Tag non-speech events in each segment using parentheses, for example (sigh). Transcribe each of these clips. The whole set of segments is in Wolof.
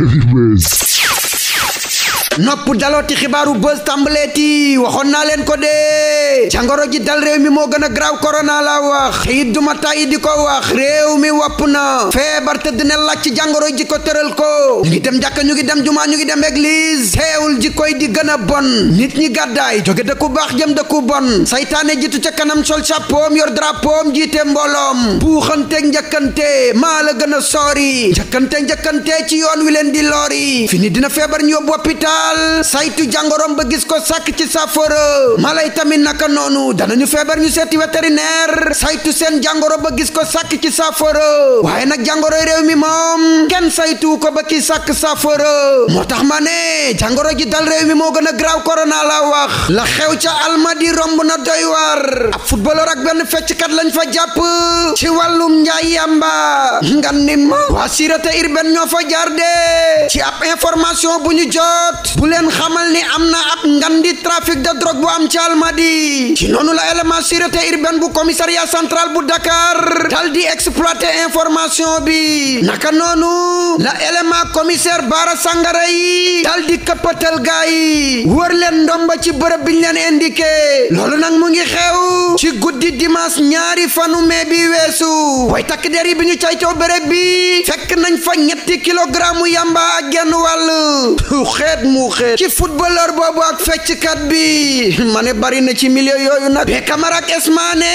Anyways. nopp dalooti xibaaru buzz tàmbaleeti waxoon naa leen ko dee jàngoro ji dal réew mi moo gën a graaw korona la wax te it duma tàyyi di ko wax réew mi wopp na feebar tëdd dina laaj ci jàngoro ji ko tëral ko ñu ngi dem jàkka ñu ngi dem jumaa ñu ngi dem église teewul ji koy di gën a bon nit ñi gàddaay jóge dëkku baax jëm dëkku bon saytaane jitu ca kanam sol chapeau yor drapeau jiite mbooloom buuxante njëkkante maa la gën a soori njëkkante njëkkante ci yoon wi leen di lori fini dina feebar ñu hôpital saytu jàngoroom ba gis ko sàkk ci saafara mala yi tamit naka noonu danañu feebar ñu seeti vétérinaire saytu seen jàngoro ba gis ko sàkk ci saafara waaye nag jàngoro réew mi moom kenn saytu ko ba ki sàkk saafara moo tax ma ne jàngoro ji dal réew mi moo gën a graaw korona la wax la xew ca almadi romb na doy war ab footballeur ak benn fecckat lañ fa jàpp ci wàllum njaay yàmba nga ni ma waa sûreté urbaine ñoo fa jaar de ci ab information bu ñu jot bu leen xamal ni am na ab ngandi trafic de drogue bu am ci Almadi ci noonu la élément sûreté urbaine bu commissariat central bu Dakar dal di exploiter information bi naka noonu la élément commissaire Bara Sangara yi dal di këppatal gaa yi wër leen ndomba ci bërëb biñ leen indiqué loolu nag mu ngi xew ci guddi dimanche ñaari fanu mai bi weesu way takk der yi bi ñu caytoo bërëb bi fekk nañ fa ñetti kilogramme yamba ak genn wàll (laughs) buuxee ci footballeur boobu ak fecckat bi ma ne bari na ci milieu yooyu nag Camara ak Esmane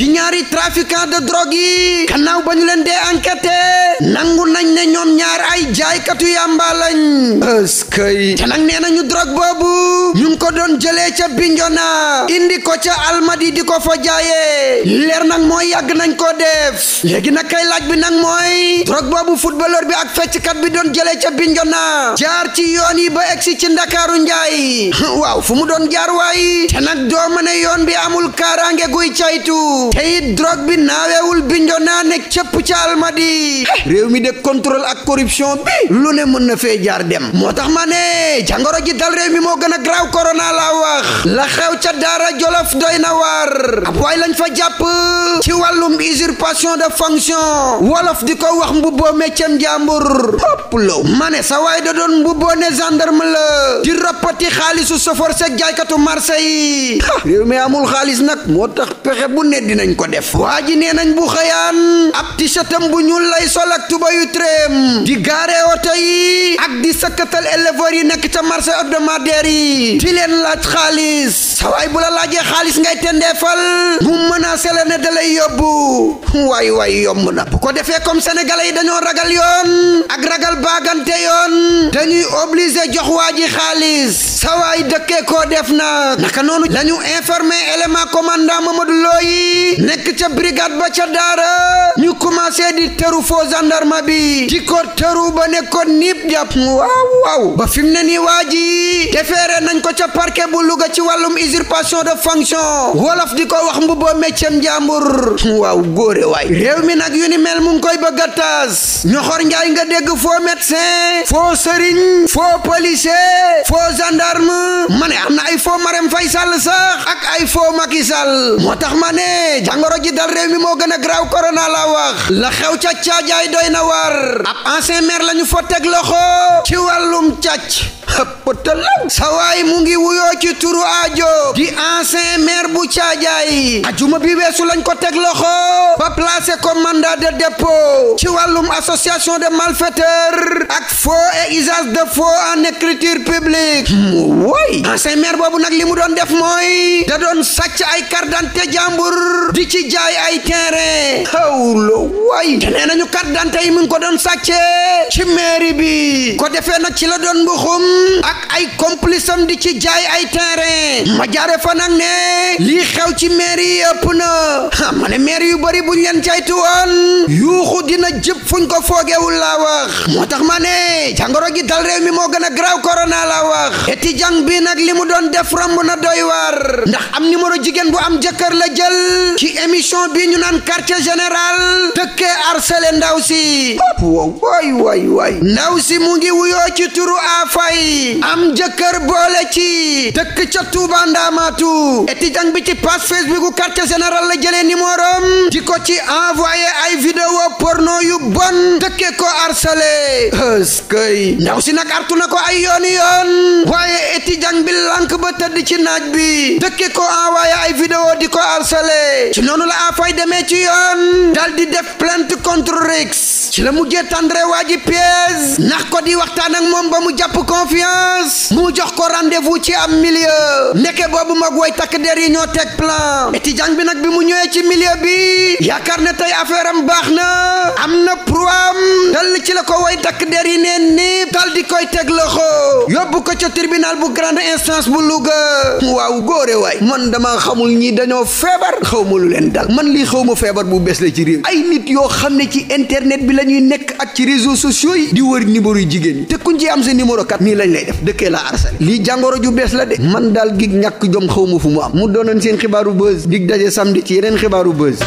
di ñaari trafiquant de drogue yi gannaaw leen dee enquêté nangu nañ ne ñoom ñaar ay jaaykatu yàmba lañ ëskëy te nag nee nañu drogue boobu ñu ko doon jëlee ca Bignona indi ko ca Almadi di ko fa jaayee leer nag mooy yàgg nañ ko def léegi nag kay laaj bi nag mooy drogue boobu footballeur bi ak fecckat bi doon jëlee ca Bignona jaar ci yoon yi ba egsi ci Ndakaaru njaay (laughs) waaw fu mu doon jaar waay te nag ma ne yoon bi amul kaaraange guy caytu te it drogue bi naawewul Bignona ne cëpp ca Almadi eh, réew mi de contrôle ak corruption bi lu ne mën na fee jaar dem moo tax ma ne jàngoro ji dal réew mi moo gën a graaw korona laa wax la xew ca daara jolof doy na waar ab waay lañ fa jàpp ci wàllum usurpation de fonction wolof di ko wax mbubboo méccam jàmbur hopp law ma ne sa waay da doon mbubboo ne gendarme la di roppati xaalisu sofor sek jaaykatu marché yi réew mi amul xaalis nag moo tax pexe bu ne dinañ ko def waa ji nee nañ bu xëyaan ak tuba yu tréem di gaare oto yi ak di sëkkatal éleveurs yi nekk ca marché hebdomadaire yi di leen laaj xaalis sawaay bu la laajee xaalis ngay tendeefal mu menacé la ne da lay yóbbu waay waay yomb na bu ko defee comme sénégalais yi dañoo ragal yoon ak ragal baagante yoon dañuy obligé jox waa ji xaalis sawaay dëkkee koo def nag naka noonu lañu informé élément commandant Mamadou Looyi nekk ca brigade ba ca daara commencé di teru foo gendarme bi di ko teru ba nekkoon niip jàpp waaw waaw ba fi mu ne nii waa ji defeere nañ ko ca parquet bu Louga ci wàllum usurpation de fonction wolof di ko wax mbubboo méccem njàmbur waaw góore waay réew mi nag yu ni mel mu koy bëgg a taas njaay nga dégg foo médecin foo sëriñ foo policier foo gendarme foo Marème Faye Sall sax ak ay foo Macky Sall moo tax ma ne jàngoro ji dal réew mi moo gën a graaw corona la wax la xew ca caajaay doy na war ab ancien maire la ñu teg loxo ci wàllum càcc xëppatalëg sawaay mu ngi wuyoo ci turu ajo di ancien maire bu caajaay ajuma bi weesu lañ ko teg loxo ba placé ko mandat de dépôt ci wàllum association de malfaiteurs ak faux et usage de faux en écriture publique hmm, woy ancien maire boobu nag li mu doon def mooy da doon sàcc ay carte d'identité bi ci jaay ay terrain xawlo way te nee yi mu ngi ko doon sàccee ci mairie bi ko defee nag ci la doon mbuxum ak ay complice di ci jaay ay terrain ma jaare fa nag ne lii xew ci maire yi ëpp na ma ne maire yu bari buñ leen caytu woon yuuxu dina jëp fuñ ko foogewul la wax moo tax ma ne jàngoro gi dal réew mi moo gën a graw corona laa wax étudiant bi nag li mu doon def romb na doy war ndax am numéro jigéen bu am jëkkër la jël ci émission bi ñu naan quartier général tëkkee arsele ndaw si waay waay waay ndaw si mu ngi wuyoo ci turu aafay am jëkkër boole ci dëkk ca Tuuba ndaamaatu étudiant bi ci page Facebook bu quartier général la jëlee numérom di ko ci envoyé ay vidéo porno yu bon tëkkee ko arsele ëskëy ndaw si nag artu na ko ay yooni yoon waaye moo tëdd ci naaj bi dëkke ko envoyé ay vidéo di ko harcelé ci noonu la afay demee ci yoon dal di def plainte contre Rix ci la mujjee tendre waa ji piège ko di waxtaan ak moom ba mu jàpp confiance mu jox ko rendez ci am milieu nekkee boobu mag woy takk der yi ñoo teg plan étudiant bi nag bi mu ñëwee ci milieu bi yaakaar ne tey affaire am baax na am na proam dal ci la ko woy takk der yi neen ni dal di koy teg loxo yóbbu ko ca tribunal bu grande ga waaw góore waay man dama xamul ñi dañoo feebar xaw ma lu leen dal man lii xaw ma feebar bu bees la ci réew ay nit yoo xam ne ci internet bi la ñuy nekk ak ci réseau sociaux yi di wër numéro yu jigéen ñi te kuñ ci am sa numéro kat nii lañ lay def dëkkee laa arsale lii jàngoro ju bees la de man daal gig ñàkk jom xaw ma fu mu am mu doonoon seen xibaaru buzz dig daje samedi ci yeneen xibaaru buzz